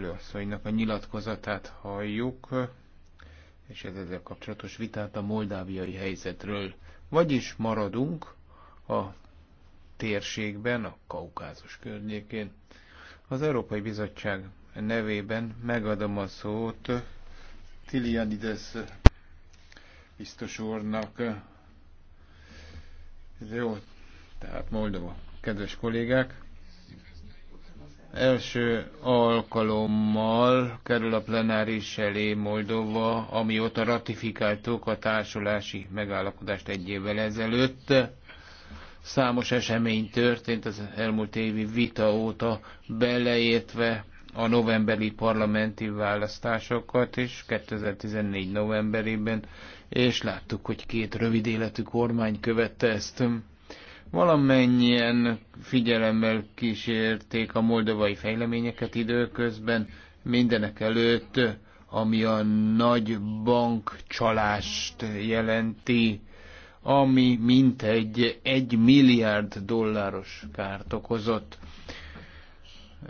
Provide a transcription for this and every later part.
képviselőasszonynak a nyilatkozatát halljuk, és ez ezzel kapcsolatos vitát a moldáviai helyzetről. Vagyis maradunk a térségben, a Kaukázus környékén. Az Európai Bizottság nevében megadom a szót Tilianides biztos úrnak. Jó, tehát Moldova, kedves kollégák! Első alkalommal kerül a plenáris elé Moldova, amióta ratifikáltuk a társulási megállapodást egy évvel ezelőtt. Számos esemény történt az elmúlt évi vita óta, beleértve a novemberi parlamenti választásokat is 2014 novemberében, és láttuk, hogy két rövid életű kormány követte ezt valamennyien figyelemmel kísérték a moldovai fejleményeket időközben, mindenek előtt, ami a nagy bank csalást jelenti, ami mintegy egy milliárd dolláros kárt okozott.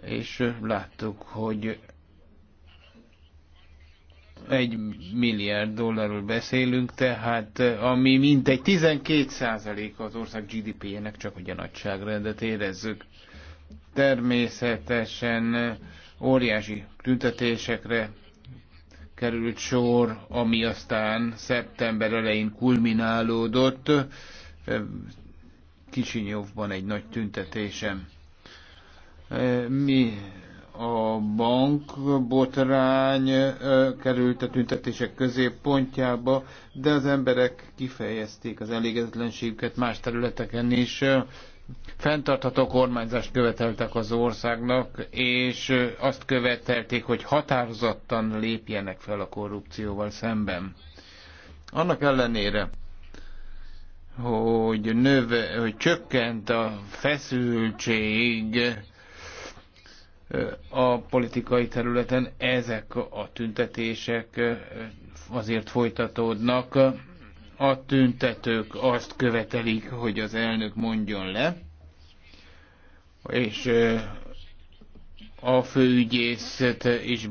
És láttuk, hogy egy milliárd dollárról beszélünk, tehát eh, ami mintegy 12 az ország GDP-jének, csak hogy a nagyságrendet érezzük. Természetesen eh, óriási tüntetésekre került sor, ami aztán szeptember elején kulminálódott eh, Kisinyovban egy nagy tüntetésem. Mi a bankbotrány került a tüntetések középpontjába, de az emberek kifejezték az elégedetlenségüket más területeken is. Fentartható kormányzást követeltek az országnak, és azt követelték, hogy határozottan lépjenek fel a korrupcióval szemben. Annak ellenére, hogy, növe, hogy csökkent a feszültség a politikai területen ezek a tüntetések azért folytatódnak. A tüntetők azt követelik, hogy az elnök mondjon le, és a főügyészet is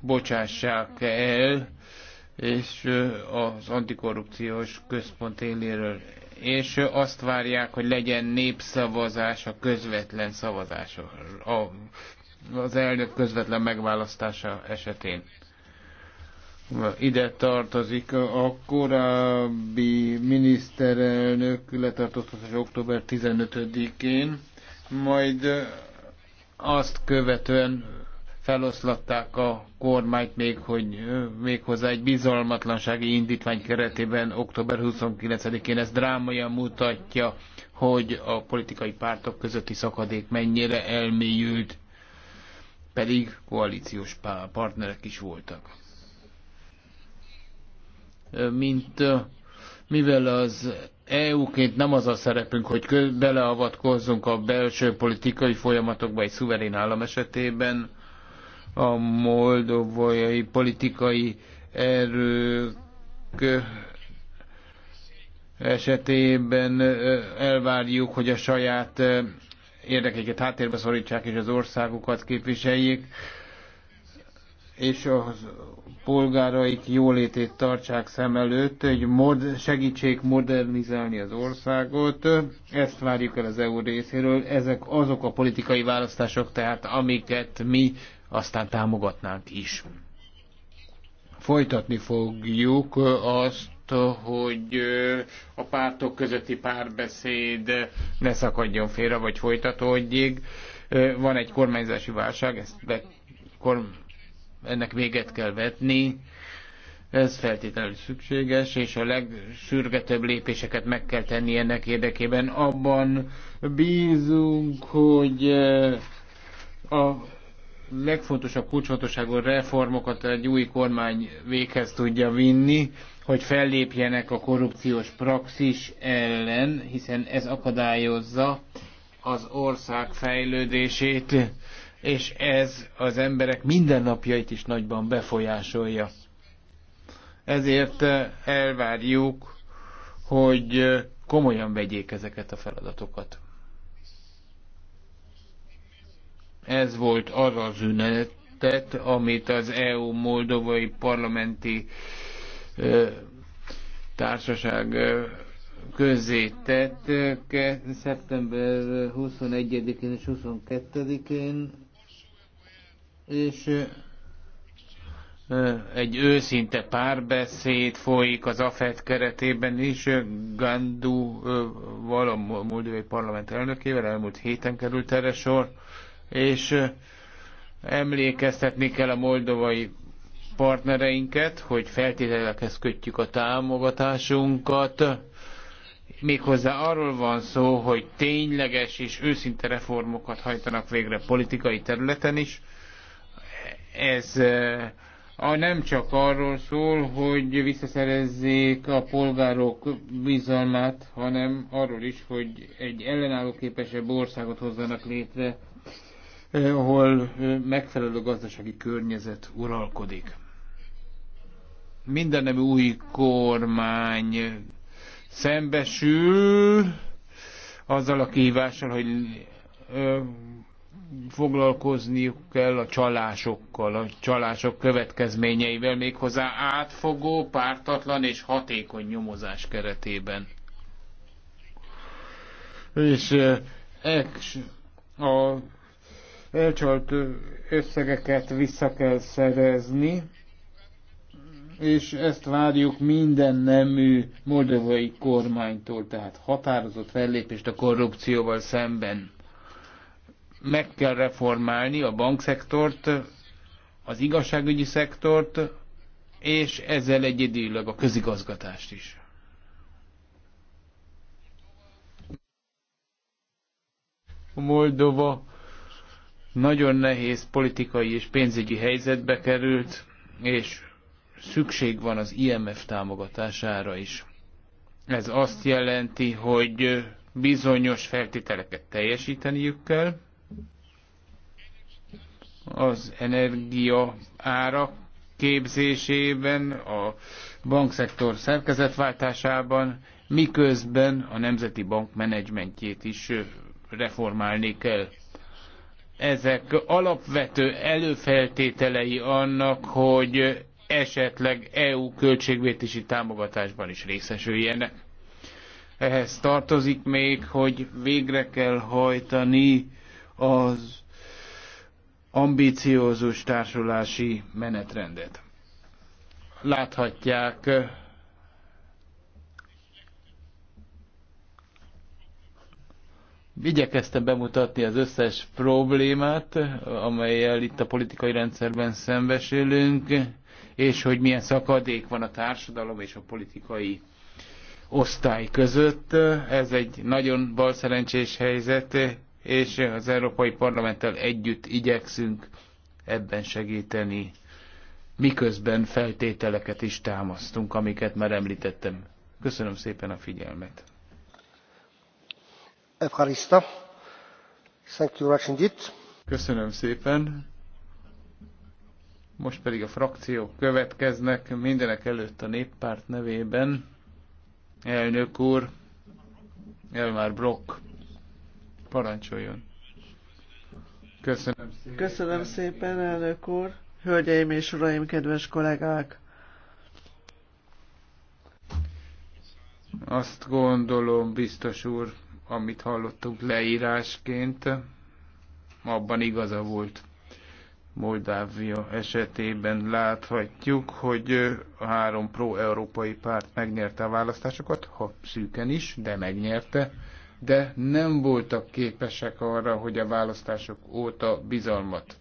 bocsássák el, és az antikorrupciós központ éléről és azt várják, hogy legyen népszavazás a közvetlen szavazás, a, az elnök közvetlen megválasztása esetén. Ide tartozik a korábbi miniszterelnök letartóztatás október 15-én, majd azt követően feloszlatták a kormányt még, hogy még hozzá egy bizalmatlansági indítvány keretében október 29-én. Ez drámaian mutatja, hogy a politikai pártok közötti szakadék mennyire elmélyült, pedig koalíciós partnerek is voltak. Mint mivel az EU-ként nem az a szerepünk, hogy beleavatkozzunk a belső politikai folyamatokba egy szuverén állam esetében, a moldovai politikai erők eh, esetében eh, elvárjuk, hogy a saját eh, érdekeiket háttérbe szorítsák és az országukat képviseljék, és a polgáraik jólétét tartsák szem előtt, hogy mod, segítsék modernizálni az országot. Ezt várjuk el az EU részéről. Ezek azok a politikai választások, tehát amiket mi aztán támogatnánk is. Folytatni fogjuk azt, hogy a pártok közötti párbeszéd ne szakadjon félre, vagy folytatódjék. Van egy kormányzási válság, ezt be, kor, ennek véget kell vetni. Ez feltétlenül szükséges, és a legsürgetőbb lépéseket meg kell tenni ennek érdekében. Abban bízunk, hogy a legfontosabb kulcsfontosságú reformokat egy új kormány véghez tudja vinni, hogy fellépjenek a korrupciós praxis ellen, hiszen ez akadályozza az ország fejlődését, és ez az emberek mindennapjait is nagyban befolyásolja. Ezért eh, elvárjuk, hogy eh, komolyan vegyék ezeket a feladatokat. Ez volt az az ünnepet, amit az EU moldovai parlamenti ö, társaság ö, tett szeptember 21-én és 22-én, és egy őszinte párbeszéd folyik az AFET keretében is. Gandu valam a Moldovai Parlament elnökével elmúlt héten került erre sor és emlékeztetni kell a moldovai partnereinket, hogy feltételekhez kötjük a támogatásunkat. Méghozzá arról van szó, hogy tényleges és őszinte reformokat hajtanak végre politikai területen is. Ez a nem csak arról szól, hogy visszaszerezzék a polgárok bizalmát, hanem arról is, hogy egy ellenálló képesebb országot hozzanak létre ahol megfelelő gazdasági környezet uralkodik. Minden Mindenem új kormány szembesül azzal a kihívással, hogy foglalkozniuk kell a csalásokkal, a csalások következményeivel, méghozzá átfogó, pártatlan és hatékony nyomozás keretében. És a elcsalt összegeket vissza kell szerezni, és ezt várjuk minden nemű moldovai kormánytól, tehát határozott fellépést a korrupcióval szemben. Meg kell reformálni a bankszektort, az igazságügyi szektort, és ezzel egyedülleg a közigazgatást is. Moldova nagyon nehéz politikai és pénzügyi helyzetbe került, és szükség van az IMF támogatására is. Ez azt jelenti, hogy bizonyos feltételeket teljesíteniük kell, az energia árak képzésében, a bankszektor szerkezetváltásában, miközben a Nemzeti Bank menedzsmentjét is reformálni kell ezek alapvető előfeltételei annak, hogy esetleg EU költségvétési támogatásban is részesüljenek. Ehhez tartozik még, hogy végre kell hajtani az ambiciózus társulási menetrendet. Láthatják Igyekeztem bemutatni az összes problémát, amelyel itt a politikai rendszerben szembesülünk, és hogy milyen szakadék van a társadalom és a politikai osztály között. Ez egy nagyon balszerencsés helyzet, és az Európai Parlamenttel együtt igyekszünk ebben segíteni, miközben feltételeket is támasztunk, amiket már említettem. Köszönöm szépen a figyelmet! Köszönöm szépen. Most pedig a frakciók következnek, mindenek előtt a néppárt nevében. Elnök úr, Elmar Brock, parancsoljon. Köszönöm szépen. Köszönöm szépen, elnök úr. Hölgyeim és uraim, kedves kollégák! Azt gondolom, biztos úr, amit hallottunk leírásként, abban igaza volt. Moldávia esetében láthatjuk, hogy a három pro-európai párt megnyerte a választásokat, ha szűken is, de megnyerte, de nem voltak képesek arra, hogy a választások óta bizalmat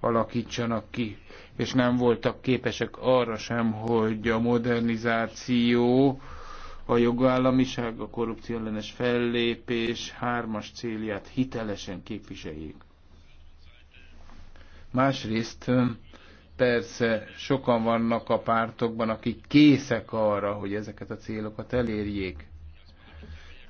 alakítsanak ki, és nem voltak képesek arra sem, hogy a modernizáció a jogállamiság, a korrupció ellenes fellépés hármas célját hitelesen képviseljék. Másrészt persze sokan vannak a pártokban, akik készek arra, hogy ezeket a célokat elérjék.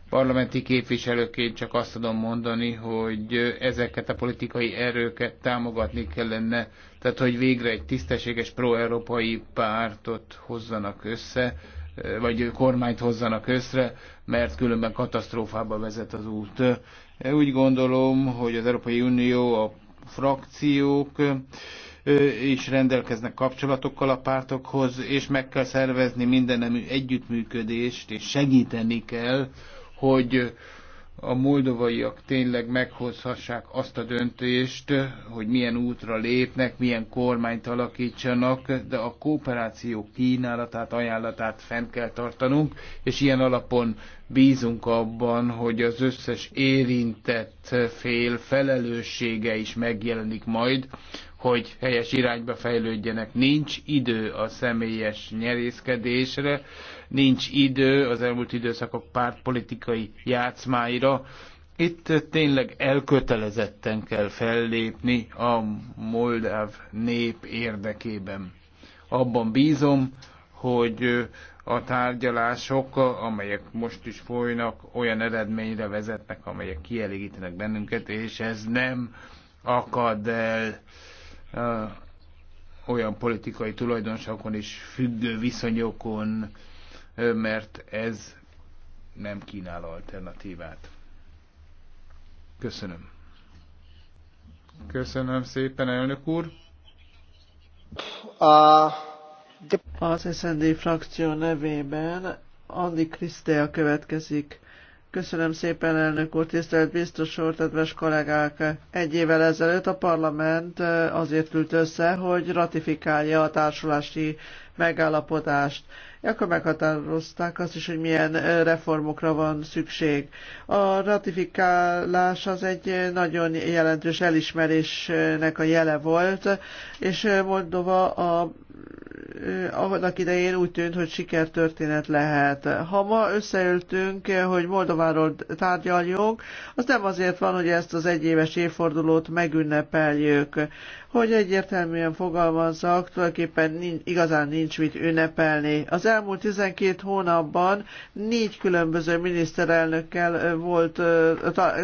Parlamenti képviselőként csak azt tudom mondani, hogy ezeket a politikai erőket támogatni kellene, tehát hogy végre egy tisztességes pro-európai pártot hozzanak össze, vagy kormányt hozzanak összre, mert különben katasztrófába vezet az út. Úgy gondolom, hogy az Európai Unió, a frakciók is rendelkeznek kapcsolatokkal a pártokhoz, és meg kell szervezni mindenemű együttműködést, és segíteni kell, hogy a moldovaiak tényleg meghozhassák azt a döntést, hogy milyen útra lépnek, milyen kormányt alakítsanak, de a kooperáció kínálatát, ajánlatát fenn kell tartanunk, és ilyen alapon bízunk abban, hogy az összes érintett fél felelőssége is megjelenik majd, hogy helyes irányba fejlődjenek. Nincs idő a személyes nyerészkedésre, nincs idő az elmúlt időszakok pártpolitikai játszmáira. Itt tényleg elkötelezetten kell fellépni a moldáv nép érdekében. Abban bízom, hogy a tárgyalások, amelyek most is folynak, olyan eredményre vezetnek, amelyek kielégítenek bennünket, és ez nem akad el olyan politikai tulajdonságokon és függő viszonyokon, mert ez nem kínál alternatívát. Köszönöm. Köszönöm szépen, elnök úr. Az SND frakció nevében Andi Krisztel következik. Köszönöm szépen, elnök úr, tisztelt biztos úr, kedves kollégák! Egy évvel ezelőtt a parlament azért ült össze, hogy ratifikálja a társulási megállapodást akkor meghatározták azt is, hogy milyen reformokra van szükség. A ratifikálás az egy nagyon jelentős elismerésnek a jele volt, és Moldova a Eh, annak idején úgy tűnt, hogy sikertörténet lehet. Ha ma összeültünk, eh, hogy Moldováról tárgyaljunk, az nem azért van, hogy ezt az egyéves évfordulót megünnepeljük. Hogy egyértelműen fogalmazzak, tulajdonképpen nincs, igazán nincs mit ünnepelni. Az elmúlt 12 hónapban négy különböző miniszterelnökkel eh, volt,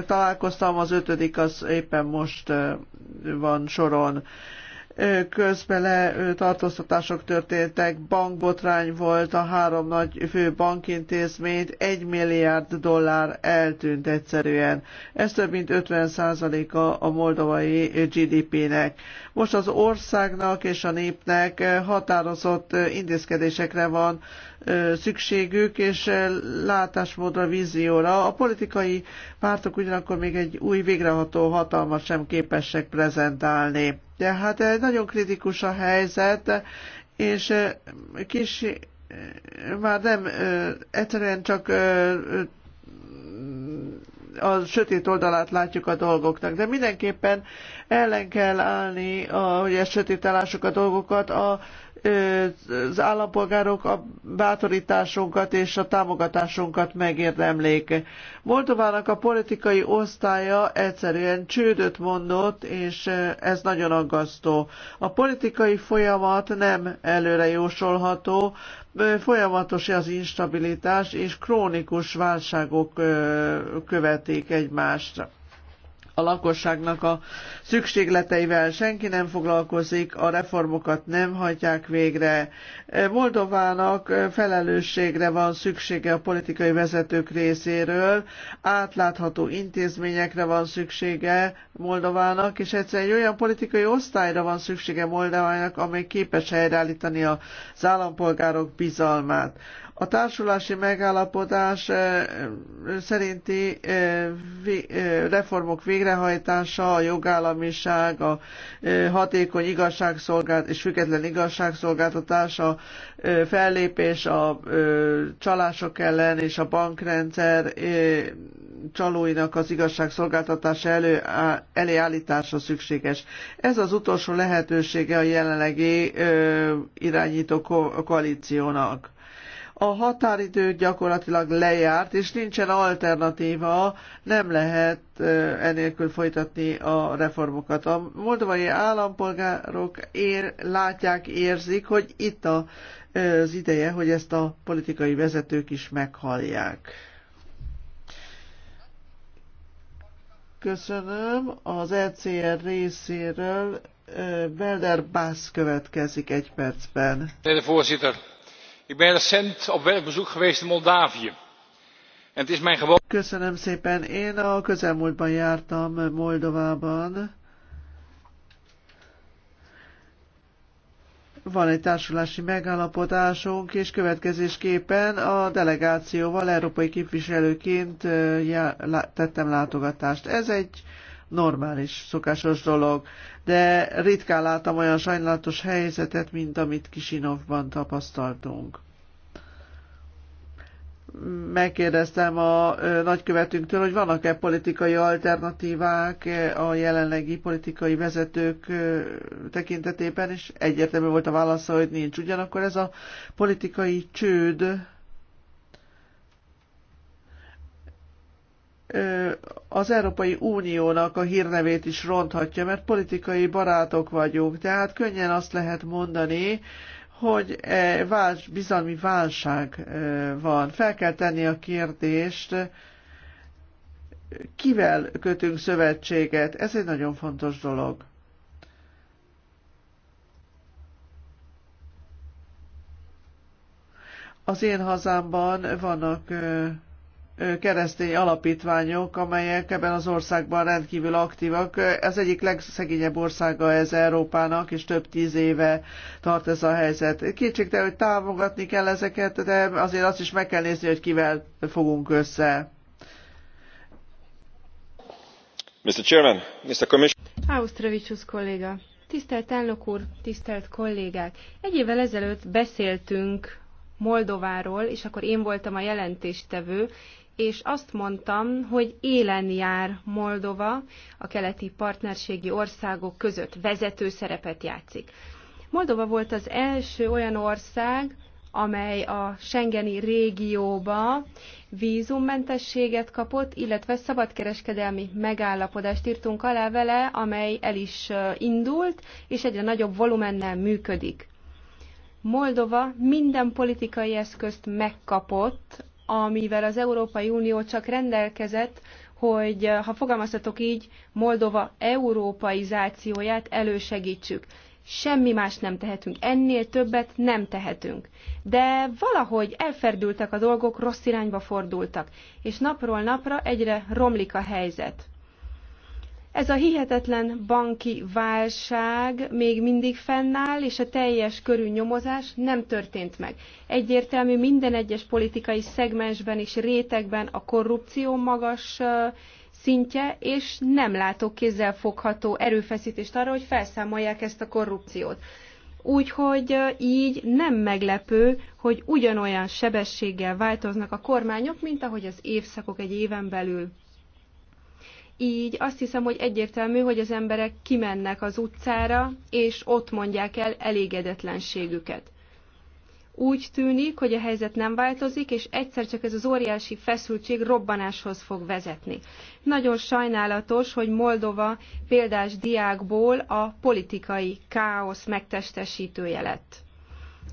találkoztam, az ötödik az éppen most van soron közbele tartóztatások történtek, bankbotrány volt, a három nagy fő bankintézményt, egy milliárd dollár eltűnt egyszerűen. Ez több mint 50%-a a moldovai GDP-nek. Most az országnak és a népnek határozott intézkedésekre van szükségük, és látásmódra, vízióra. A politikai pártok ugyanakkor még egy új végrehajtó hatalmat sem képesek prezentálni. De hát nagyon kritikus a helyzet, és kis már nem egyszerűen csak a sötét oldalát látjuk a dolgoknak, de mindenképpen ellen kell állni, a, hogy ezt sötételásuk a dolgokat, a az állampolgárok a bátorításunkat és a támogatásunkat megérdemlik. Moldovának a politikai osztálya egyszerűen csődöt mondott, és ez nagyon aggasztó. A politikai folyamat nem előre jósolható, folyamatos az instabilitás, és krónikus válságok követik egymást a lakosságnak a szükségleteivel senki nem foglalkozik, a reformokat nem hagyják végre. Moldovának felelősségre van szüksége a politikai vezetők részéről, átlátható intézményekre van szüksége Moldovának, és egyszerűen egy olyan politikai osztályra van szüksége Moldovának, amely képes helyreállítani az állampolgárok bizalmát. A társulási megállapodás eh, szerinti eh, eh, reformok végrehajtása, a jogállamiság, a hatékony igazságszolgált és független igazságszolgáltatás, a fellépés a csalások ellen és a bankrendszer csalóinak az igazságszolgáltatása elő, elé szükséges. Ez az utolsó lehetősége a jelenlegi irányító koalíciónak a határidő gyakorlatilag lejárt, és nincsen alternatíva, nem lehet enélkül folytatni a reformokat. A moldovai állampolgárok ér, látják, érzik, hogy itt a, az ideje, hogy ezt a politikai vezetők is meghallják. Köszönöm. Az ECR részéről Belder Bász következik egy percben. Voorzitter, ik ben recent op werkbezoek geweest in moldavië. En Het is mijn gewoonte. Köszönöm szépen. Én a közelmúltban jártam Moldovában. Van egy társulási megállapodásunk, és következésképpen a delegációval európai képviselőként tettem látogatást. Ez egy normális, szokásos dolog. De ritkán láttam olyan sajnálatos helyzetet, mint amit Kisinovban tapasztaltunk megkérdeztem a nagykövetünktől, hogy vannak-e politikai alternatívák a jelenlegi politikai vezetők tekintetében, és egyértelmű volt a válasza, hogy nincs. Ugyanakkor ez a politikai csőd az Európai Uniónak a hírnevét is ronthatja, mert politikai barátok vagyunk, tehát könnyen azt lehet mondani, hogy e, bizalmi válság van. Fel kell tenni a kérdést, kivel kötünk szövetséget. Ez egy nagyon fontos dolog. Az én hazámban vannak keresztény alapítványok, amelyek ebben az országban rendkívül aktívak. Az egyik legszegényebb országa ez Európának, és több tíz éve tart ez a helyzet. Kétségtelen, hogy támogatni kell ezeket, de azért azt is meg kell nézni, hogy kivel fogunk össze. Mr. Chairman, Mr. Commissioner. Ausztravicius kolléga. Tisztelt elnök úr, tisztelt kollégák! Egy évvel ezelőtt beszéltünk Moldováról, és akkor én voltam a jelentéstevő, és azt mondtam, hogy élen jár Moldova, a keleti partnerségi országok között vezető szerepet játszik. Moldova volt az első olyan ország, amely a Schengeni régióba vízummentességet kapott, illetve szabadkereskedelmi megállapodást írtunk alá vele, amely el is indult, és egyre nagyobb volumennel működik. Moldova minden politikai eszközt megkapott amivel az Európai Unió csak rendelkezett, hogy eh, ha fogalmazhatok így, Moldova európaizációját elősegítsük. Semmi más nem tehetünk, ennél többet nem tehetünk. De valahogy elferdültek a dolgok, rossz irányba fordultak, és napról napra egyre romlik a helyzet. Ez a hihetetlen banki válság még mindig fennáll, és a teljes körű nyomozás nem történt meg. Egyértelmű minden egyes politikai szegmensben és rétegben a korrupció magas szintje, és nem látok kézzelfogható erőfeszítést arra, hogy felszámolják ezt a korrupciót. Úgyhogy így nem meglepő, hogy ugyanolyan sebességgel változnak a kormányok, mint ahogy az évszakok egy éven belül. Így azt hiszem, hogy egyértelmű, hogy az emberek kimennek az utcára, és ott mondják el elégedetlenségüket. Úgy tűnik, hogy a helyzet nem változik, és egyszer csak ez az óriási feszültség robbanáshoz fog vezetni. Nagyon sajnálatos, hogy Moldova példás diákból a politikai káosz megtestesítője lett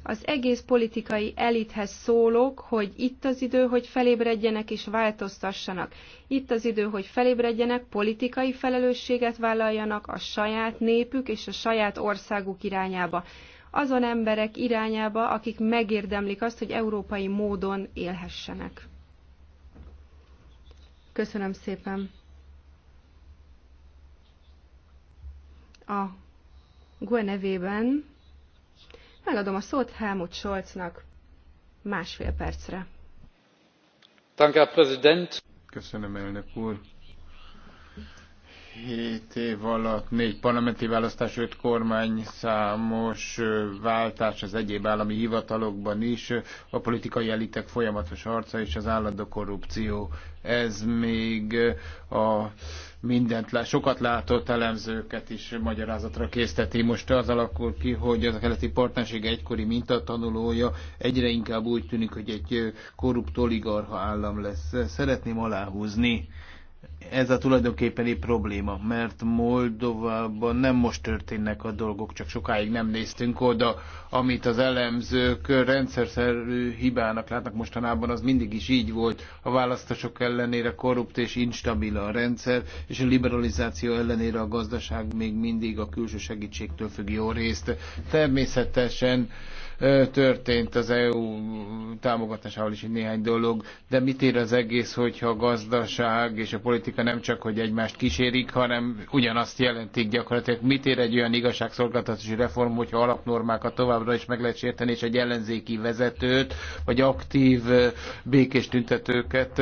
az egész politikai elithez szólok, hogy itt az idő, hogy felébredjenek és változtassanak. Itt az idő, hogy felébredjenek, politikai felelősséget vállaljanak a saját népük és a saját országuk irányába. Azon emberek irányába, akik megérdemlik azt, hogy európai módon élhessenek. Köszönöm szépen. A Gue nevében Megadom a szót Helmut Scholznak másfél percre. Köszönöm, elnök úr. Hét év alatt négy parlamenti választás, öt kormány, számos váltás az egyéb állami hivatalokban is, a politikai elitek folyamatos harca és az állandó korrupció. Ez még a mindent lát, sokat látott elemzőket is magyarázatra készteti. Most az alakul ki, hogy az a keleti partnerség egykori mintatanulója egyre inkább úgy tűnik, hogy egy korrupt oligarha állam lesz. Szeretném aláhúzni ez a tulajdonképpeni probléma, mert Moldovában nem most történnek a dolgok, csak sokáig nem néztünk oda, amit az elemzők rendszerszerű hibának látnak mostanában, az mindig is így volt. A választások ellenére korrupt és instabil a rendszer, és a liberalizáció ellenére a gazdaság még mindig a külső segítségtől függ jó részt. Természetesen történt az EU támogatásával is néhány dolog, de mit ér az egész, hogyha a gazdaság és a politika nem csak, hogy egymást kísérik, hanem ugyanazt jelentik gyakorlatilag. Mit ér egy olyan igazságszolgáltatási reform, hogyha alapnormákat továbbra is meg lehet sérteni, és egy ellenzéki vezetőt, vagy aktív békés tüntetőket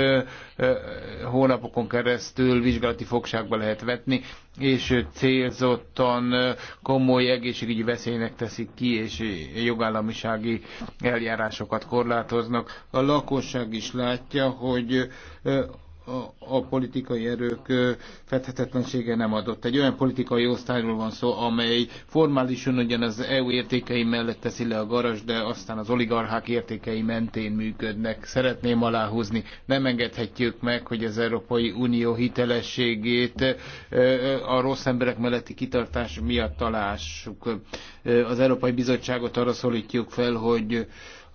hónapokon keresztül vizsgálati fogságba lehet vetni és célzottan komoly egészségügyi veszélynek teszik ki, és jogállamisági eljárásokat korlátoznak. A lakosság is látja, hogy a politikai erők fethetetlensége nem adott. Egy olyan politikai osztályról van szó, amely formálisan ugyan az EU értékei mellett teszi le a garas, de aztán az oligarchák értékei mentén működnek. Szeretném aláhúzni, nem engedhetjük meg, hogy az Európai Unió hitelességét a rossz emberek melletti kitartás miatt találjuk. Az Európai Bizottságot arra szólítjuk fel, hogy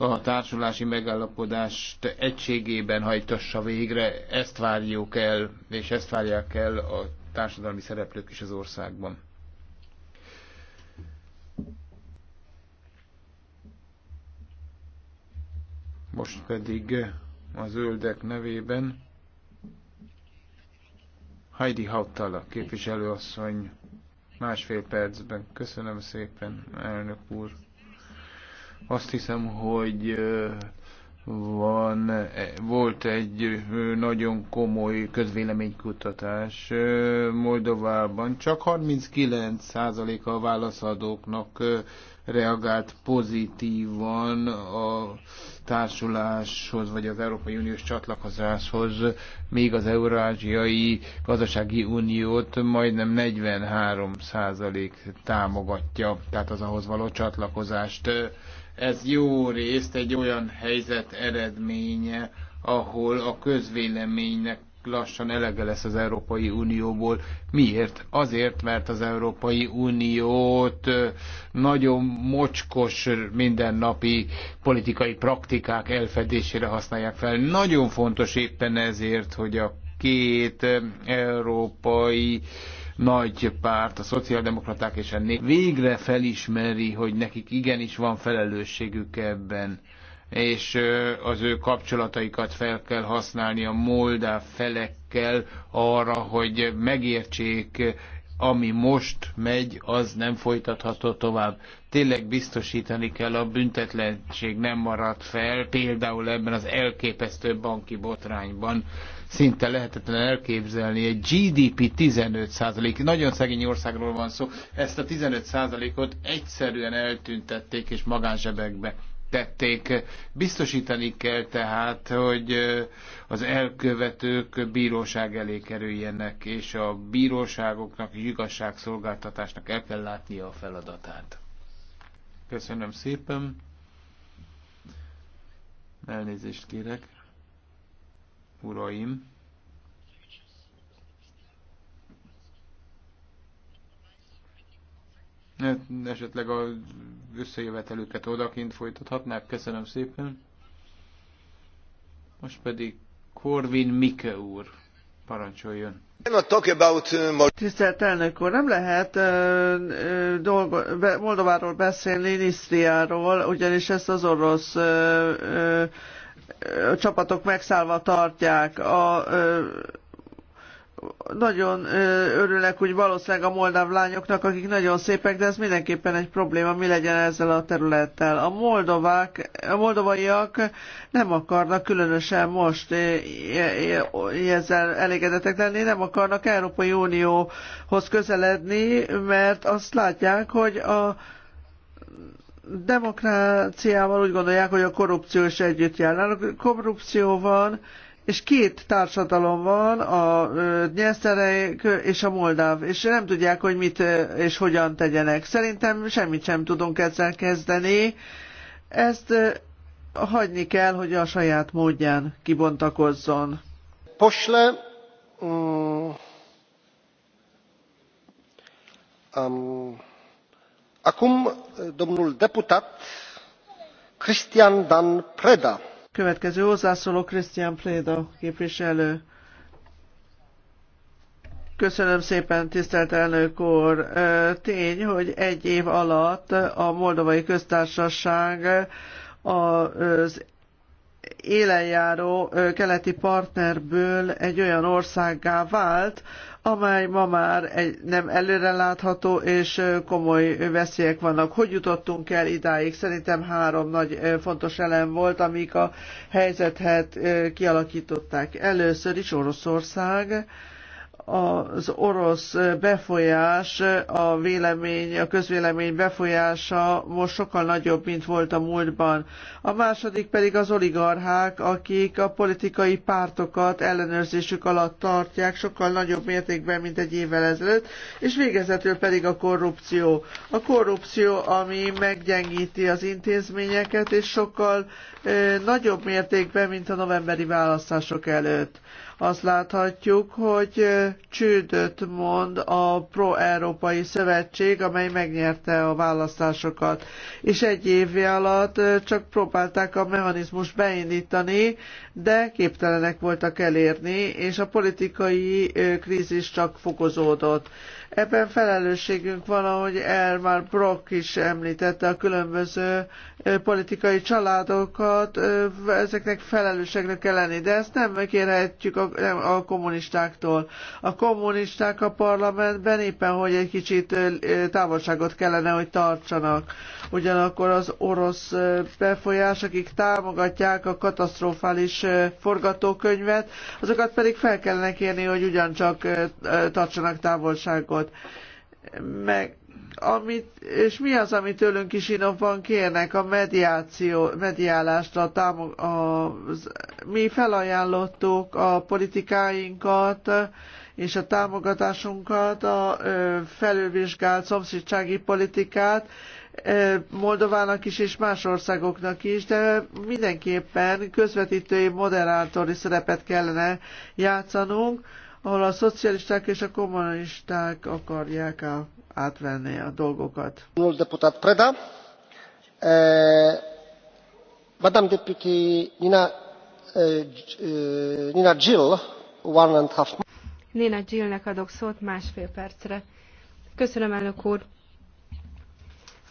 a társulási megállapodást egységében hajtassa végre. Ezt várjuk el, és ezt várják el a társadalmi szereplők is az országban. Most pedig a zöldek nevében Heidi Hautala képviselőasszony másfél percben. Köszönöm szépen, elnök úr. Azt hiszem, hogy van, e, volt egy nagyon komoly közvéleménykutatás Moldovában. Csak 39%-a a válaszadóknak reagált pozitívan a társuláshoz, vagy az Európai Uniós csatlakozáshoz, még az Eurázsiai Gazdasági Uniót majdnem 43 támogatja, tehát az ahhoz való csatlakozást. Ez jó részt egy olyan helyzet eredménye, ahol a közvéleménynek lassan elege lesz az Európai Unióból. Miért? Azért, mert az Európai Uniót nagyon mocskos mindennapi politikai praktikák elfedésére használják fel. Nagyon fontos éppen ezért, hogy a két európai nagy párt, a szociáldemokraták és a nép végre felismeri, hogy nekik igenis van felelősségük ebben és az ő kapcsolataikat fel kell használni a moldáv felekkel arra, hogy megértsék, ami most megy, az nem folytatható tovább. Tényleg biztosítani kell, a büntetlenség nem maradt fel, például ebben az elképesztő banki botrányban szinte lehetetlen elképzelni egy GDP 15%, nagyon szegény országról van szó, ezt a 15%-ot egyszerűen eltüntették és magánzsebekbe tették. Biztosítani kell tehát, hogy az elkövetők bíróság elé kerüljenek, és a bíróságoknak, igazságszolgáltatásnak el kell látnia a feladatát. Köszönöm szépen. Elnézést kérek. Uraim. esetleg a összejövetelüket odakint folytathatnák. Köszönöm szépen. Most pedig Korvin Mike úr parancsoljon. Uh, Tisztelt elnök úr, nem lehet uh, dolgo, be, Moldováról beszélni, Nisztriáról, ugyanis ezt az orosz uh, uh, csapatok megszállva tartják. A, nagyon örülnek, hogy valószínűleg a moldáv lányoknak, akik nagyon szépek, de ez mindenképpen egy probléma, mi legyen ezzel a területtel. A, moldovák, a moldovaiak nem akarnak, különösen most ezzel elégedetek lenni, nem akarnak Európai Unióhoz közeledni, mert azt látják, hogy a demokráciával úgy gondolják, hogy a korrupció is együtt jár. Korrupció van, és két társadalom van, a Nyeszterei és a Moldáv, és nem tudják, hogy mit és hogyan tegyenek. Szerintem semmit sem tudunk ezzel kezdeni. Ezt hagyni kell, hogy a saját módján kibontakozzon. Posle, um, mm, um, acum domnul deputat Christian Dan Preda Következő hozzászóló Christian Pléda képviselő. Köszönöm szépen, tisztelt elnök úr. Tény, hogy egy év alatt a Moldovai Köztársaság az élenjáró keleti partnerből egy olyan országgá vált, amely ma már egy, nem előrelátható, és komoly veszélyek vannak. Hogy jutottunk el idáig? Szerintem három nagy fontos elem volt, amik a helyzetet kialakították. Először is Oroszország, az orosz befolyás, a vélemény, a közvélemény befolyása most sokkal nagyobb, mint volt a múltban. A második pedig az oligarchák, akik a politikai pártokat ellenőrzésük alatt tartják sokkal nagyobb mértékben, mint egy évvel ezelőtt, és végezetül pedig a korrupció. A korrupció, ami meggyengíti az intézményeket, és sokkal eh, nagyobb mértékben, mint a novemberi választások előtt azt láthatjuk, hogy csődöt mond a pro-európai szövetség, amely megnyerte a választásokat. És egy évi alatt csak próbálták a mechanizmust beindítani, de képtelenek voltak elérni, és a politikai krízis csak fokozódott. Ebben felelősségünk van, ahogy Elmar Brock is említette, a különböző politikai családokat, ezeknek felelősségnek kell lenni, de ezt nem megérhetjük a, nem a kommunistáktól. A kommunisták a parlamentben éppen, hogy egy kicsit távolságot kellene, hogy tartsanak. Ugyanakkor az orosz befolyás, akik támogatják a katasztrofális forgatókönyvet, azokat pedig fel kellene kérni, hogy ugyancsak tartsanak távolságot. Meg, amit, és mi az, amit tőlünk van kérnek? A mediáció, mediálást, a, támog, a az, mi felajánlottuk a politikáinkat, és a támogatásunkat, a felülvizsgált szomszédsági politikát, Moldovának is és más országoknak is, de mindenképpen közvetítői, moderátori szerepet kellene játszanunk, ahol a szocialisták és a kommunisták akarják átvenni a dolgokat. Deputat Preda, e, Madame Deputy Nina, e, e, Nina Jill, one and half. Nina Jillnek adok szót másfél percre. Köszönöm, elnök úr.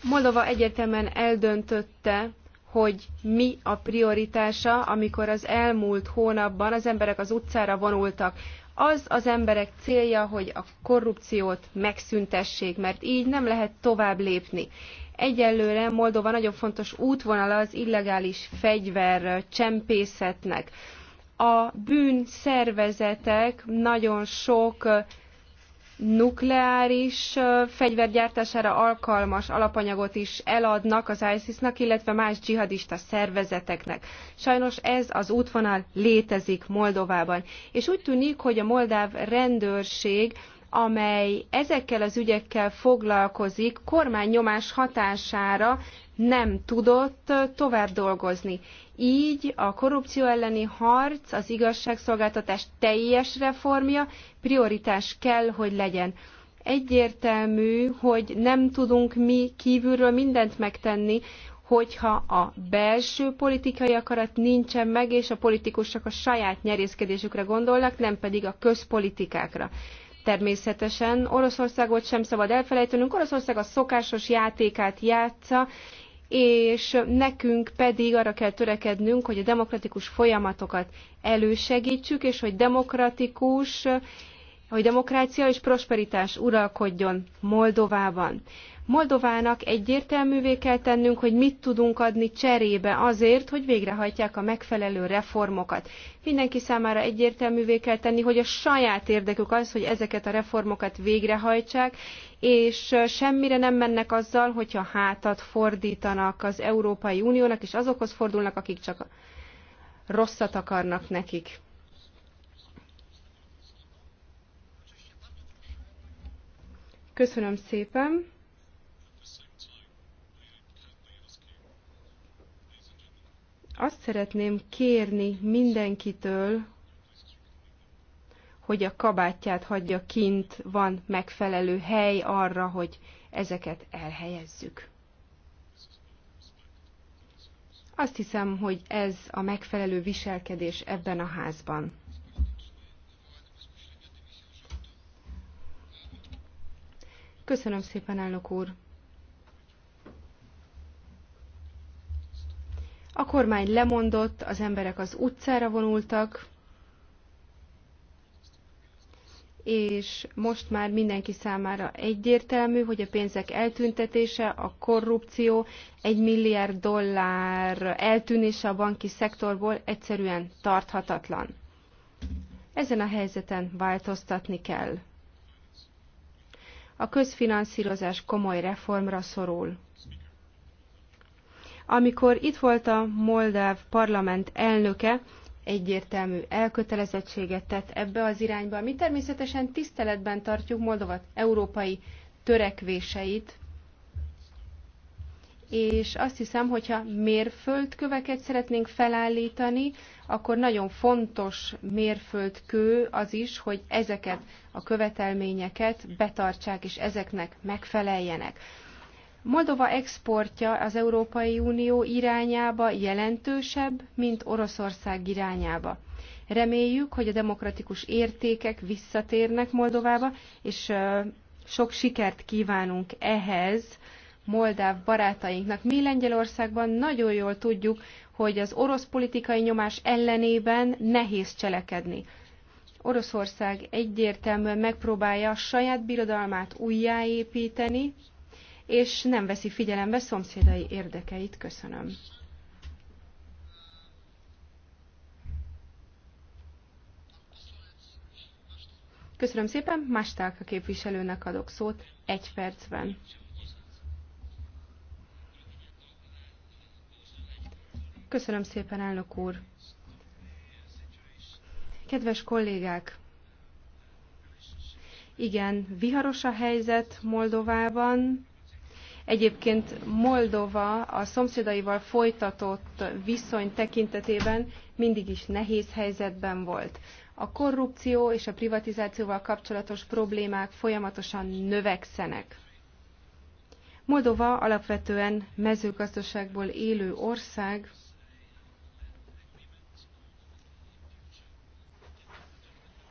Moldova egyetemen eldöntötte, hogy mi a prioritása, amikor az elmúlt hónapban az emberek az utcára vonultak. Az az emberek célja, hogy a korrupciót megszüntessék, mert így nem lehet tovább lépni. Egyelőre Moldova nagyon fontos útvonala az illegális fegyver csempészetnek. A bűnszervezetek nagyon sok nukleáris fegyvergyártására alkalmas alapanyagot is eladnak az ISIS-nak, illetve más dzsihadista szervezeteknek. Sajnos ez az útvonal létezik Moldovában. És úgy tűnik, hogy a moldáv rendőrség amely ezekkel az ügyekkel foglalkozik, kormánynyomás hatására nem tudott tovább dolgozni. Így a korrupció elleni harc, az igazságszolgáltatás teljes reformja prioritás kell, hogy legyen. Egyértelmű, hogy nem tudunk mi kívülről mindent megtenni, hogyha a belső politikai akarat nincsen meg, és a politikusok a saját nyerészkedésükre gondolnak, nem pedig a közpolitikákra. Természetesen Oroszországot sem szabad elfelejtenünk. Oroszország a szokásos játékát játsza, és nekünk pedig arra kell törekednünk, hogy a demokratikus folyamatokat elősegítsük, és hogy demokratikus, hogy demokrácia és prosperitás uralkodjon Moldovában. Moldovának egyértelművé kell tennünk, hogy mit tudunk adni cserébe azért, hogy végrehajtják a megfelelő reformokat. Mindenki számára egyértelművé kell tenni, hogy a saját érdekük az, hogy ezeket a reformokat végrehajtsák, és semmire nem mennek azzal, hogyha hátat fordítanak az Európai Uniónak, és azokhoz fordulnak, akik csak rosszat akarnak nekik. Köszönöm szépen! Azt szeretném kérni mindenkitől, hogy a kabátját hagyja kint, van megfelelő hely arra, hogy ezeket elhelyezzük. Azt hiszem, hogy ez a megfelelő viselkedés ebben a házban. Köszönöm szépen, elnök úr! A kormány lemondott, az emberek az utcára vonultak, és most már mindenki számára egyértelmű, hogy a pénzek eltüntetése, a korrupció, egy milliárd dollár eltűnése a banki szektorból egyszerűen tarthatatlan. Ezen a helyzeten változtatni kell. A közfinanszírozás komoly reformra szorul. Amikor itt volt a Moldáv parlament elnöke, egyértelmű elkötelezettséget tett ebbe az irányba. Mi természetesen tiszteletben tartjuk Moldovat európai törekvéseit, és azt hiszem, hogyha mérföldköveket szeretnénk felállítani, akkor nagyon fontos mérföldkő az is, hogy ezeket a követelményeket betartsák, és ezeknek megfeleljenek. Moldova exportja az Európai Unió irányába jelentősebb, mint Oroszország irányába. Reméljük, hogy a demokratikus értékek visszatérnek Moldovába, és sok sikert kívánunk ehhez moldáv barátainknak. Mi Lengyelországban nagyon jól tudjuk, hogy az orosz politikai nyomás ellenében nehéz cselekedni. Oroszország egyértelműen megpróbálja a saját birodalmát újjáépíteni, és nem veszi figyelembe szomszédai érdekeit. Köszönöm. Köszönöm szépen, a képviselőnek adok szót egy percben. Köszönöm szépen, elnök úr. Kedves kollégák! Igen, viharos a helyzet Moldovában, Egyébként Moldova a szomszédaival folytatott viszony tekintetében mindig is nehéz helyzetben volt. A korrupció és a privatizációval kapcsolatos problémák folyamatosan növekszenek. Moldova alapvetően mezőgazdaságból élő ország,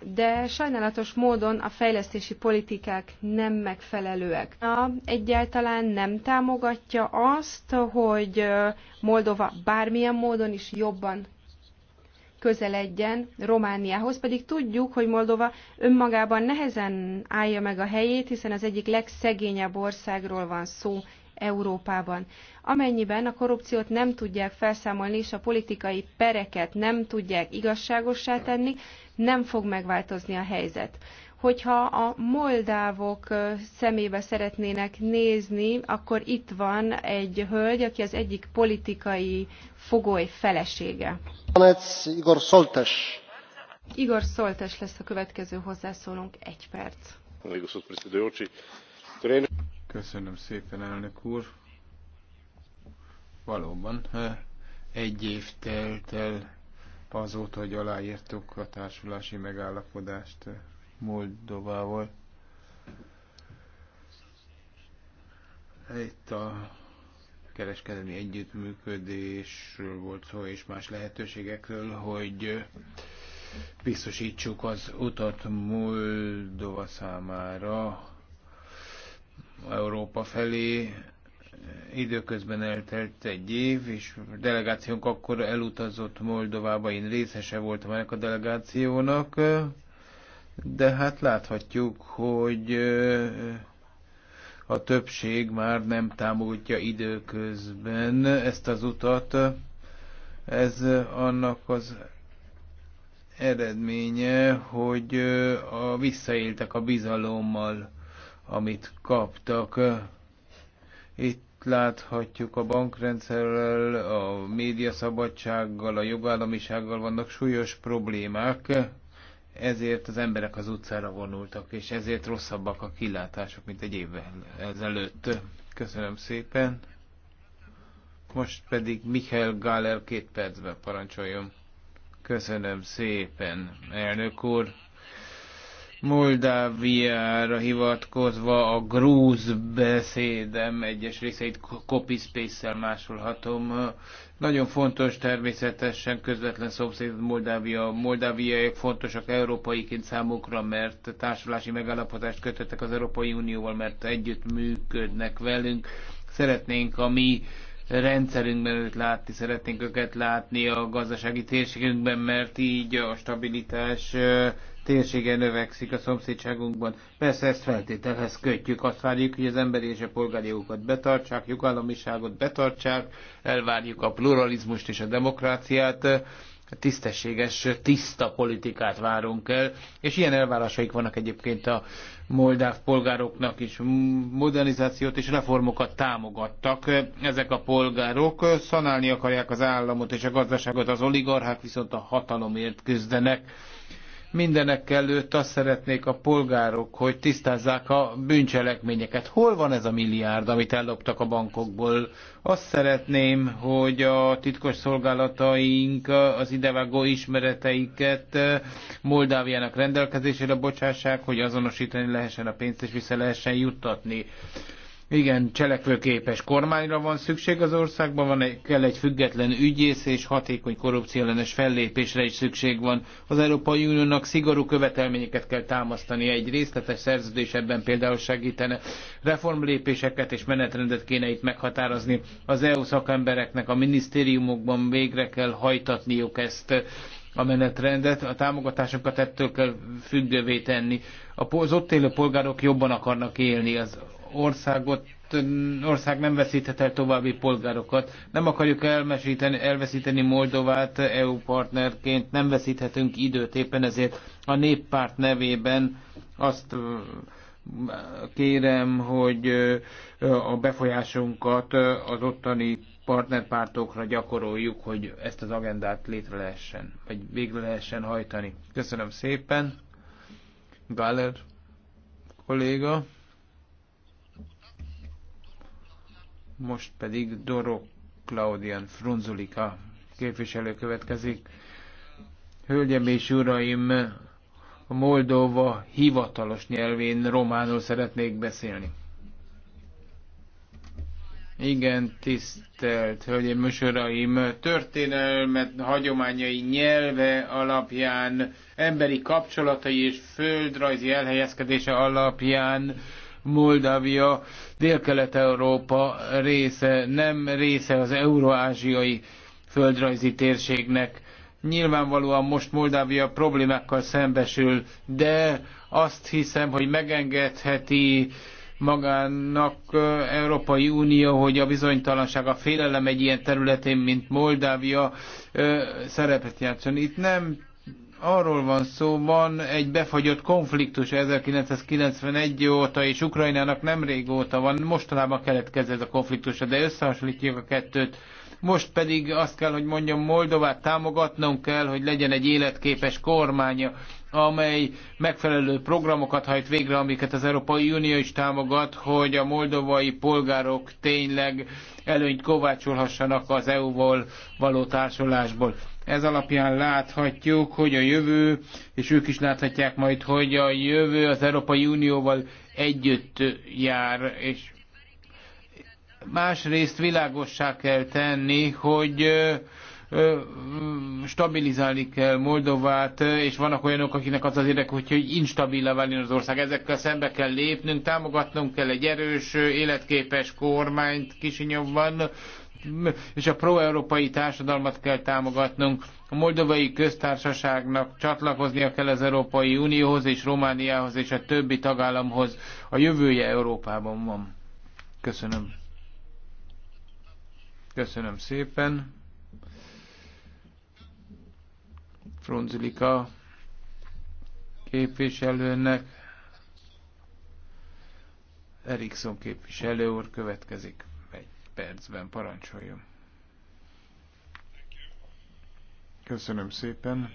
de sajnálatos módon a fejlesztési politikák nem megfelelőek. Egyáltalán nem támogatja azt, hogy Moldova bármilyen módon is jobban közeledjen Romániához, pedig tudjuk, hogy Moldova önmagában nehezen állja meg a helyét, hiszen az egyik legszegényebb országról van szó Európában. Amennyiben a korrupciót nem tudják felszámolni, és a politikai pereket nem tudják igazságossá tenni, nem fog megváltozni a helyzet. Hogyha a moldávok szemébe szeretnének nézni, akkor itt van egy hölgy, aki az egyik politikai fogoly felesége. Igor Szoltes. Igor Szoltes lesz a következő hozzászólónk. Egy perc. Köszönöm szépen, elnök úr. Valóban, egy év telt el azóta, hogy aláírtuk a társulási megállapodást Moldovával. Itt a kereskedelmi együttműködésről volt szó, és más lehetőségekről, hogy biztosítsuk az utat Moldova számára Európa felé. Időközben eltelt egy év, és a delegációnk akkor elutazott Moldovába, én részese voltam ennek a delegációnak, de hát láthatjuk, hogy a többség már nem támogatja időközben ezt az utat. Ez annak az eredménye, hogy a visszaéltek a bizalommal, amit kaptak. Itt láthatjuk a bankrendszerrel, a médiaszabadsággal, a jogállamisággal vannak súlyos problémák, ezért az emberek az utcára vonultak, és ezért rosszabbak a kilátások, mint egy évvel ezelőtt. Köszönöm szépen. Most pedig Michael Gáler két percben parancsoljon. Köszönöm szépen, elnök úr. Moldáviára hivatkozva a grúz beszédem egyes részeit copy space másolhatom. Nagyon fontos természetesen közvetlen szomszéd Moldávia. Moldáviaiak fontosak európaiként számukra, mert társulási megállapodást kötöttek az Európai Unióval, mert együtt működnek velünk. Szeretnénk a mi rendszerünkben őt látni, szeretnénk őket látni a gazdasági térségünkben, mert így a stabilitás térsége növekszik a szomszédságunkban. Persze ezt feltételhez kötjük, azt várjuk, hogy az emberi és a polgári jogokat betartsák, jogállamiságot betartsák, elvárjuk a pluralizmust és a demokráciát, tisztességes, tiszta politikát várunk el, és ilyen elvárásaik vannak egyébként a moldáv polgároknak is. Modernizációt és reformokat támogattak ezek a polgárok, szanálni akarják az államot és a gazdaságot, az oligarchák viszont a hatalomért küzdenek Mindenek előtt azt szeretnék a polgárok, hogy tisztázzák a bűncselekményeket. Hol van ez a milliárd, amit elloptak a bankokból? Azt szeretném, hogy a titkos szolgálataink az idevágó ismereteiket Moldáviának rendelkezésére bocsássák, hogy azonosítani lehessen a pénzt és vissza lehessen juttatni. Igen, cselekvőképes kormányra van szükség az országban, van egy, kell egy független ügyész és hatékony korrupcióellenes fellépésre is szükség van. Az Európai Uniónak szigorú követelményeket kell támasztani, egy részletes szerződés ebben például segítene. Reformlépéseket és menetrendet kéne itt meghatározni. Az EU szakembereknek a minisztériumokban végre kell hajtatniuk ezt a menetrendet, a támogatásokat ettől kell függővé tenni. Az ott élő polgárok jobban akarnak élni, az országot ország nem veszíthet el további polgárokat. Nem akarjuk elmesíteni, elveszíteni Moldovát EU partnerként, nem veszíthetünk időt, éppen ezért a néppárt nevében azt kérem, hogy a befolyásunkat az ottani partnerpártokra gyakoroljuk, hogy ezt az agendát létre lehessen, vagy végre lehessen hajtani. Köszönöm szépen. Galler kolléga. Most pedig Doro Claudian Frunzulika képviselő következik. Hölgyem és uraim, a Moldova hivatalos nyelvén románul szeretnék beszélni. Igen, tisztelt Hölgyeim és Uraim, történelmet, hagyományai nyelve alapján, emberi kapcsolatai és földrajzi elhelyezkedése alapján Moldávia Dél-Kelet-Európa része, nem része az euróázsiai földrajzi térségnek. Nyilvánvalóan most Moldávia problémákkal szembesül, de azt hiszem, hogy megengedheti magának Európai Unió, hogy a bizonytalanság, a félelem egy ilyen területén, mint Moldávia szerepet játszon. Itt nem Arról van szó, van egy befagyott konfliktus 1991 óta, és Ukrajnának nem régóta van, mostanában keletkezett ez a konfliktus, de összehasonlítjuk a kettőt. Most pedig azt kell, hogy mondjam, Moldovát támogatnunk kell, hogy legyen egy életképes kormánya, amely megfelelő programokat hajt végre, amiket az Európai Unió is támogat, hogy a moldovai polgárok tényleg előnyt kovácsolhassanak az EU-val való társulásból. Ez alapján láthatjuk, hogy a jövő, és ők is láthatják majd, hogy a jövő az Európai Unióval együtt jár, és másrészt világossá kell tenni, hogy stabilizálni kell Moldovát, és vannak olyanok, akinek az az érdek, hogy, hogy instabilá váljon az ország. Ezekkel szembe kell lépnünk, támogatnunk kell egy erős, életképes kormányt Kisinyovban, és a pro-európai társadalmat kell támogatnunk. A moldovai köztársaságnak csatlakoznia kell az Európai Unióhoz és Romániához és a többi tagállamhoz. A jövője Európában van. Köszönöm. Köszönöm szépen. Frunzilika képviselőnek. Erikson képviselő úr következik percben parancsoljon. Köszönöm szépen.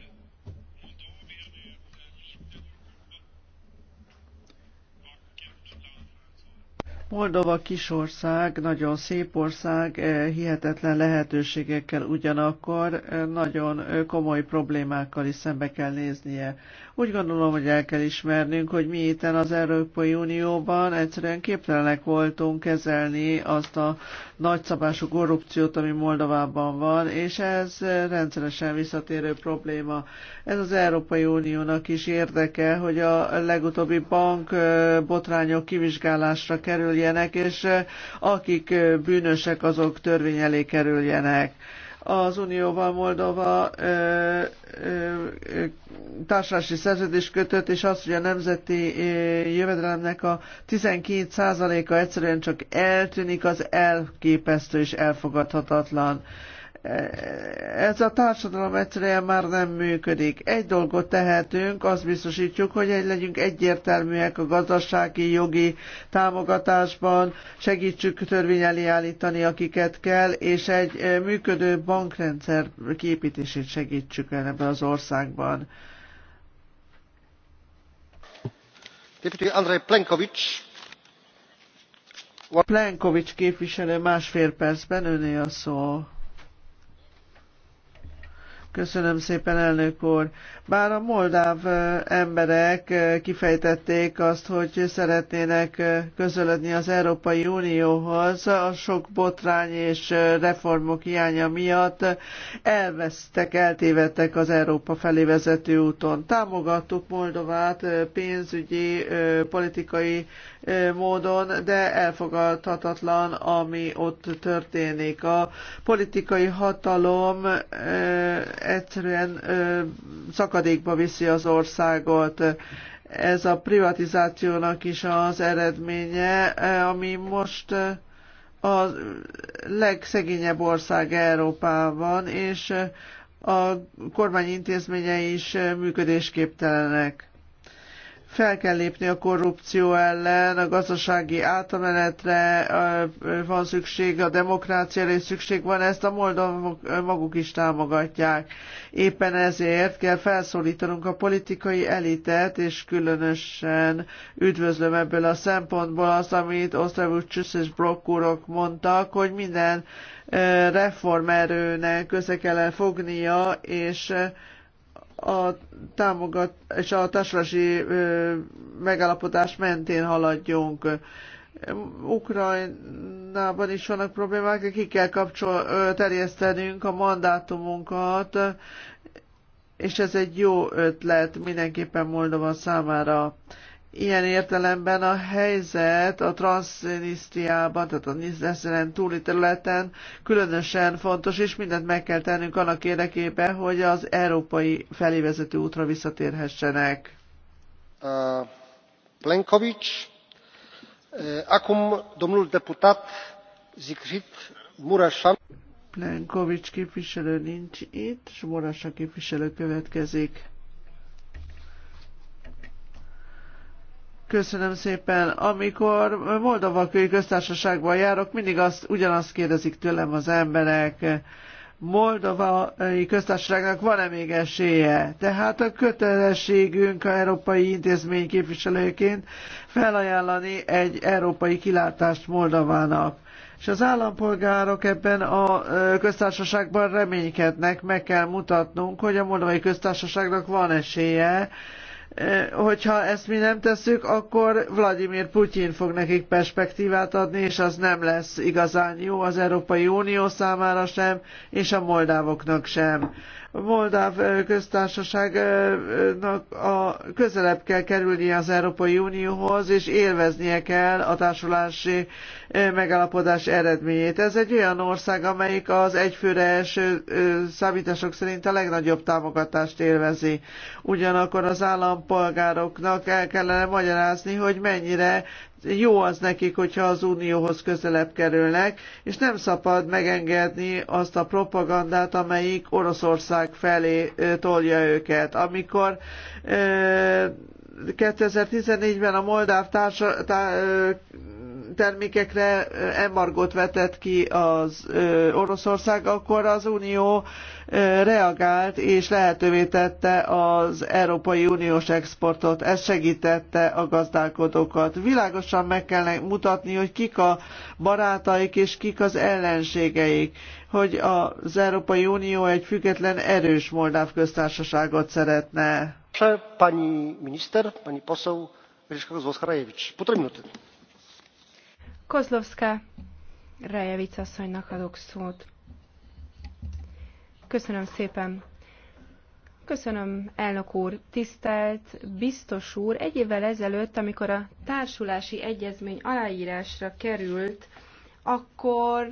Moldova kisország, nagyon szép ország, eh, hihetetlen lehetőségekkel ugyanakkor eh, nagyon eh, komoly problémákkal is szembe kell néznie. Úgy gondolom, hogy el kell ismernünk, hogy mi itt az Európai Unióban egyszerűen képtelenek voltunk kezelni azt a nagyszabású korrupciót, ami Moldovában van, és ez rendszeresen visszatérő probléma. Ez az Európai Uniónak is érdeke, hogy a legutóbbi bank botrányok kivizsgálásra kerüljenek, és akik bűnösek, azok törvény elé kerüljenek az Unióval Moldova ö, ö, társulási szerződés kötött, és az, hogy a nemzeti jövedelemnek a 12%-a egyszerűen csak eltűnik, az elképesztő és elfogadhatatlan ez a társadalom egyszerűen már nem működik. Egy dolgot tehetünk, azt biztosítjuk, hogy egy legyünk egyértelműek a gazdasági, jogi támogatásban, segítsük törvény elé állítani, akiket kell, és egy működő bankrendszer képítését segítsük el ebben az országban. Deputy Andrei Plenkovics. Plenkovics képviselő másfél percben öné a szó. Köszönöm szépen, elnök úr. Bár a moldáv emberek kifejtették azt, hogy szeretnének közöledni az Európai Unióhoz, a sok botrány és reformok hiánya miatt elvesztek, eltévedtek az Európa felé vezető úton. Támogattuk Moldovát pénzügyi, politikai módon, de elfogadhatatlan, ami ott történik. A politikai hatalom egyszerűen szakadékba viszi az országot ez a privatizációnak is az eredménye, ami most a legszegényebb ország Európában, és a kormány intézményei is működésképtelenek fel kell lépni a korrupció ellen, a gazdasági átmenetre van szükség, a demokráciára is szükség van, ezt a moldovok maguk is támogatják. Éppen ezért kell felszólítanunk a politikai elitet, és különösen üdvözlöm ebből a szempontból azt, amit Osztravú Csüssz és Brock mondtak, hogy minden reformerőnek össze kell fognia, és a támogat és a társulási megállapodás mentén haladjunk. Ukrajnában is vannak problémák, ki kell kapcsol, terjesztenünk a mandátumunkat, és ez egy jó ötlet mindenképpen Moldova számára. Ilyen értelemben a helyzet a Transnistriában, tehát a Niszteszeren túli területen különösen fontos, és mindent meg kell tennünk annak érdekében, hogy az európai felévezető útra visszatérhessenek. Uh, Plenkovics, eh, akum domnul deputat Zikrit Murasan. Plenkovics képviselő nincs itt, és Murasa képviselő következik. Köszönöm szépen. Amikor Moldovakai köztársaságban járok, mindig azt, ugyanazt kérdezik tőlem az emberek, Moldovai köztársaságnak van-e még esélye? Tehát a kötelességünk a európai intézmény képviselőként felajánlani egy európai kilátást Moldovának. És az állampolgárok ebben a köztársaságban reménykednek, meg kell mutatnunk, hogy a moldovai köztársaságnak van esélye, hogyha ezt mi nem tesszük, akkor Vladimir Putyin fog nekik perspektívát adni, és az nem lesz igazán jó az Európai Unió számára sem, és a moldávoknak sem. Moldáv köztársaságnak a közelebb kell kerülnie az Európai Unióhoz, és élveznie kell a társulási megállapodás eredményét. Ez egy olyan ország, amelyik az egyfőre első számítások szerint a legnagyobb támogatást élvezi. Ugyanakkor az állampolgároknak el kellene magyarázni, hogy mennyire jó az nekik, hogyha az unióhoz közelebb kerülnek, és nem szabad megengedni azt a propagandát, amelyik Oroszország felé tolja őket. Amikor 2014-ben a moldáv társa, tá, termékekre embargót vetett ki az Oroszország, akkor az Unió reagált és lehetővé tette az Európai Uniós exportot. Ez segítette a gazdálkodókat. Világosan meg kell mutatni, hogy kik a barátaik és kik az ellenségeik hogy az Európai Unió egy független, erős moldáv köztársaságot szeretne. Pani miniszter, pani poseł Agnieszka kozłowska Półtorej minuty. Kozlovská Rejevic asszonynak adok szót. Köszönöm szépen. Köszönöm, elnök úr, tisztelt biztos úr. Egy évvel ezelőtt, amikor a társulási egyezmény aláírásra került, akkor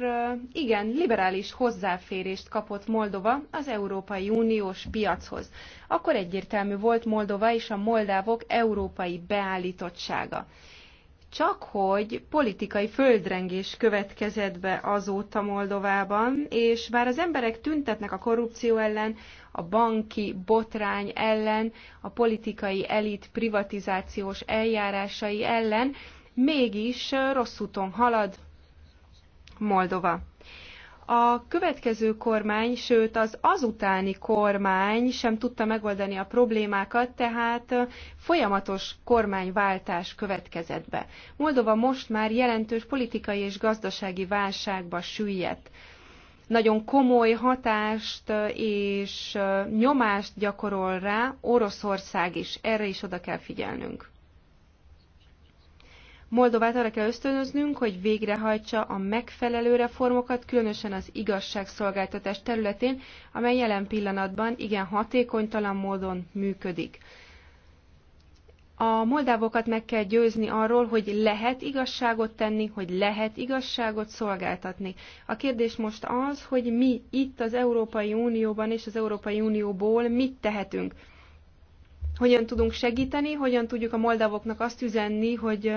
igen, liberális hozzáférést kapott Moldova az Európai Uniós piachoz. Akkor egyértelmű volt Moldova és a moldávok európai beállítottsága csak hogy politikai földrengés következett be azóta Moldovában, és bár az emberek tüntetnek a korrupció ellen, a banki botrány ellen, a politikai elit privatizációs eljárásai ellen, mégis rossz úton halad Moldova a következő kormány, sőt az azutáni kormány sem tudta megoldani a problémákat, tehát folyamatos kormányváltás következett be. Moldova most már jelentős politikai és gazdasági válságba süllyedt. Nagyon komoly hatást és nyomást gyakorol rá Oroszország is, erre is oda kell figyelnünk. Moldovát arra kell ösztönöznünk, hogy végrehajtsa a megfelelő reformokat, különösen az igazságszolgáltatás területén, amely jelen pillanatban igen hatékonytalan módon működik. A moldávokat meg kell győzni arról, hogy lehet igazságot tenni, hogy lehet igazságot szolgáltatni. A kérdés most az, hogy mi itt az Európai Unióban és az Európai Unióból mit tehetünk hogyan tudunk segíteni, hogyan tudjuk a moldavoknak azt üzenni, hogy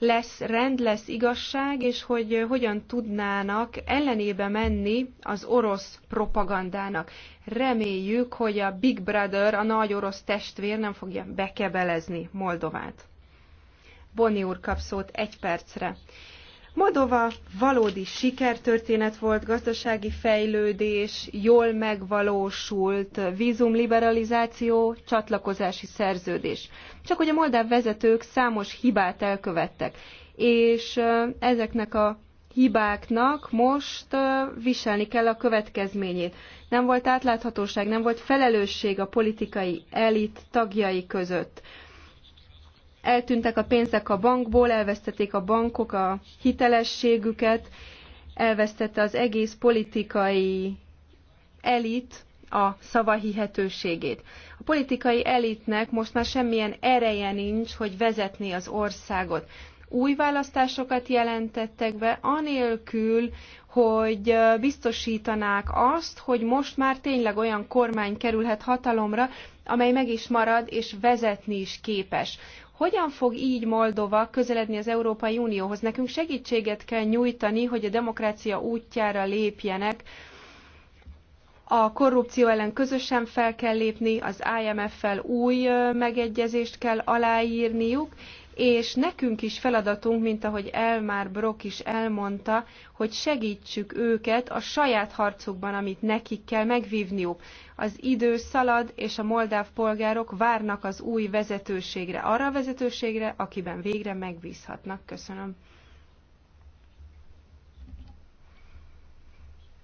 lesz rend, lesz igazság, és hogy hogyan tudnának ellenébe menni az orosz propagandának. Reméljük, hogy a Big Brother, a nagy orosz testvér nem fogja bekebelezni Moldovát. Boni úr kap szót egy percre. Moldova valódi sikertörténet volt, gazdasági fejlődés, jól megvalósult vízumliberalizáció, csatlakozási szerződés. Csak hogy a moldáv vezetők számos hibát elkövettek, és ezeknek a hibáknak most viselni kell a következményét. Nem volt átláthatóság, nem volt felelősség a politikai elit tagjai között eltűntek a pénzek a bankból, elvesztették a bankok a hitelességüket, elvesztette az egész politikai elit a szavahihetőségét. A politikai elitnek most már semmilyen ereje nincs, hogy vezetni az országot. Új választásokat jelentettek be, anélkül, hogy biztosítanák azt, hogy most már tényleg olyan kormány kerülhet hatalomra, amely meg is marad és vezetni is képes. Hogyan fog így Moldova közeledni az Európai Unióhoz? Nekünk segítséget kell nyújtani, hogy a demokrácia útjára lépjenek. A korrupció ellen közösen fel kell lépni, az IMF-fel új megegyezést kell aláírniuk, és nekünk is feladatunk, mint ahogy Elmár Brock is elmondta, hogy segítsük őket a saját harcukban, amit nekik kell megvívniuk. Az idő szalad, és a moldáv polgárok várnak az új vezetőségre, arra a vezetőségre, akiben végre megbízhatnak. Köszönöm.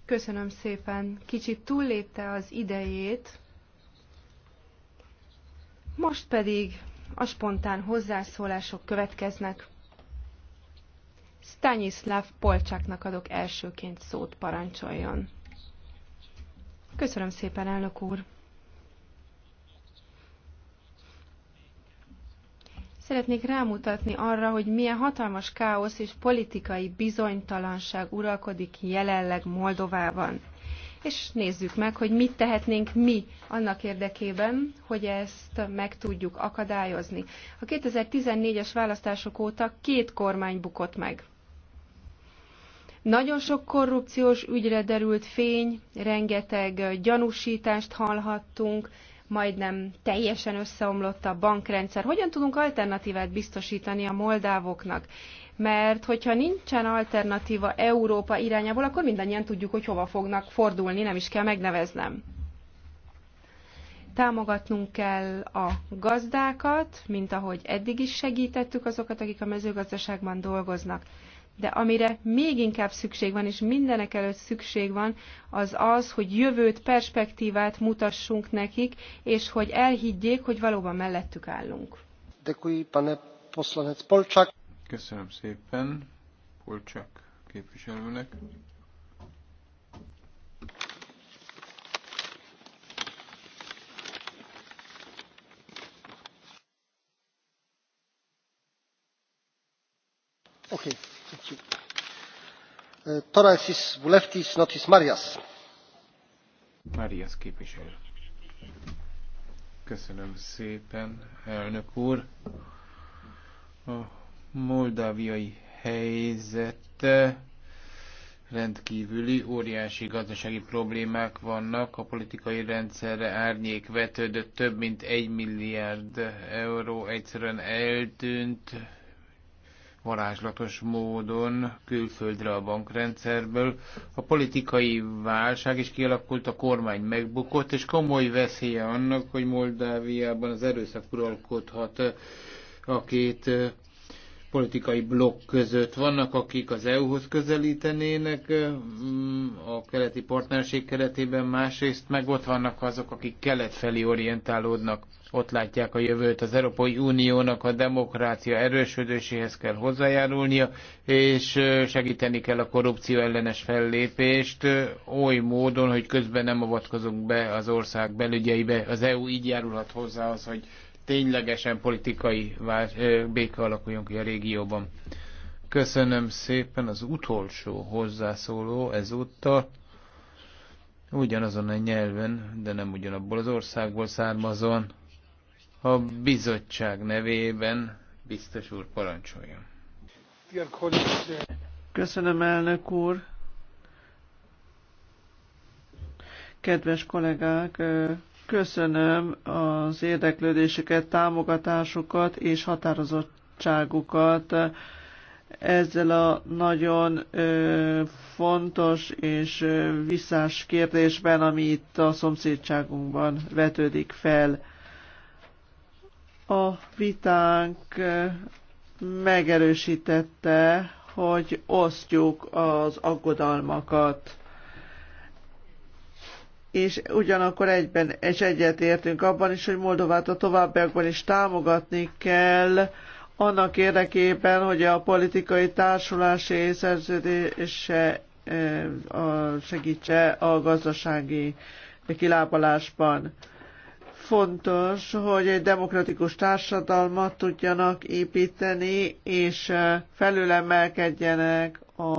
Köszönöm szépen. Kicsit túllépte az idejét. Most pedig a spontán hozzászólások következnek. Stanislav Polcsáknak adok elsőként szót parancsoljon. Köszönöm szépen, elnök úr! Szeretnék rámutatni arra, hogy milyen hatalmas káosz és politikai bizonytalanság uralkodik jelenleg Moldovában és nézzük meg, hogy mit tehetnénk mi annak érdekében, hogy ezt meg tudjuk akadályozni. A 2014-es választások óta két kormány bukott meg. Nagyon sok korrupciós ügyre derült fény, rengeteg gyanúsítást hallhattunk, majdnem teljesen összeomlott a bankrendszer. Hogyan tudunk alternatívát biztosítani a moldávoknak? mert hogyha nincsen alternatíva Európa irányából, akkor mindannyian tudjuk, hogy hova fognak fordulni, nem is kell megneveznem. Támogatnunk kell a gazdákat, mint ahogy eddig is segítettük azokat, akik a mezőgazdaságban dolgoznak. De amire még inkább szükség van, és mindenek előtt szükség van, az az, hogy jövőt, perspektívát mutassunk nekik, és hogy elhiggyék, hogy valóban mellettük állunk. Děkuji, pane poslanec Polčák. Köszönöm szépen Polcsak képviselőnek. Oké, okay, uh, Tarasis Vuleftis Notis Marias. Marias képviselő. Köszönöm szépen, elnök úr. A moldáviai helyzet rendkívüli, óriási gazdasági problémák vannak, a politikai rendszerre árnyék vetődött, több mint egy milliárd euró egyszerűen eltűnt varázslatos módon külföldre a bankrendszerből. A politikai válság is kialakult, a kormány megbukott, és komoly veszélye annak, hogy Moldáviában az erőszak uralkodhat a két politikai blokk között. Vannak, akik az EU-hoz közelítenének mm, a keleti partnerség keretében, másrészt meg ott vannak azok, akik kelet felé orientálódnak. Ott látják a jövőt. Az Európai Uniónak a demokrácia erősödéséhez kell hozzájárulnia, és segíteni kell a korrupció ellenes fellépést oly módon, hogy közben nem avatkozunk be az ország belügyeibe. Az EU így járulhat hozzá az, hogy ténylegesen politikai béke alakuljon ki a régióban. Köszönöm szépen az utolsó hozzászóló ezúttal. Ugyanazon a nyelven, de nem ugyanabból az országból származóan. A bizottság nevében biztos úr parancsoljon. Köszönöm, elnök úr. Kedves kollégák, Köszönöm az érdeklődésüket, támogatásukat és határozottságukat ezzel a nagyon ö, fontos és ö, visszás kérdésben, ami itt a szomszédságunkban vetődik fel. A vitánk ö, megerősítette, hogy osztjuk az aggodalmakat és ugyanakkor egyben és egyetértünk abban is, hogy Moldovát a továbbiakban is támogatni kell, annak érdekében, hogy a politikai társulási szerződése eh, segítse a gazdasági kilábalásban. Fontos, hogy egy demokratikus társadalmat tudjanak építeni, és eh, felülemelkedjenek a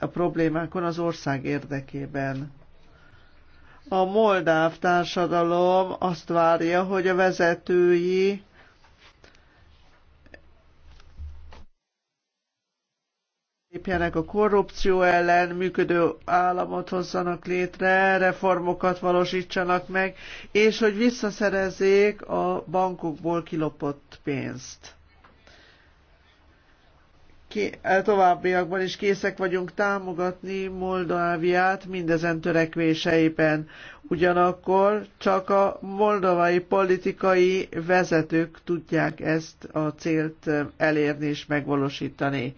a problémákon az ország érdekében. A moldáv társadalom azt várja, hogy a vezetői lépjenek a korrupció ellen, működő államot hozzanak létre, reformokat valósítsanak meg, és hogy visszaszerezzék a bankokból kilopott pénzt. Eh, továbbiakban is készek vagyunk támogatni Moldáviát mindezen törekvéseiben. Ugyanakkor csak a moldovai politikai vezetők tudják ezt a célt eh, elérni és megvalósítani.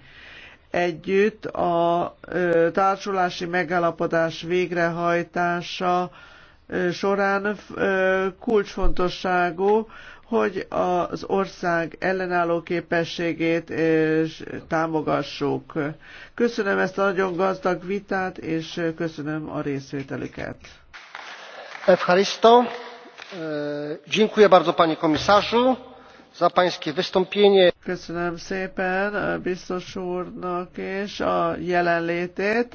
Együtt a eh, társulási megállapodás végrehajtása során kulcsfontosságú, hogy az ország ellenálló képességét és támogassuk. Köszönöm ezt a nagyon gazdag vitát, és köszönöm a részvételüket. Evharisto, e, dziękuję bardzo panie komisarzu za pańskie wystąpienie. Köszönöm szépen a biztos úrnak és a jelenlétét.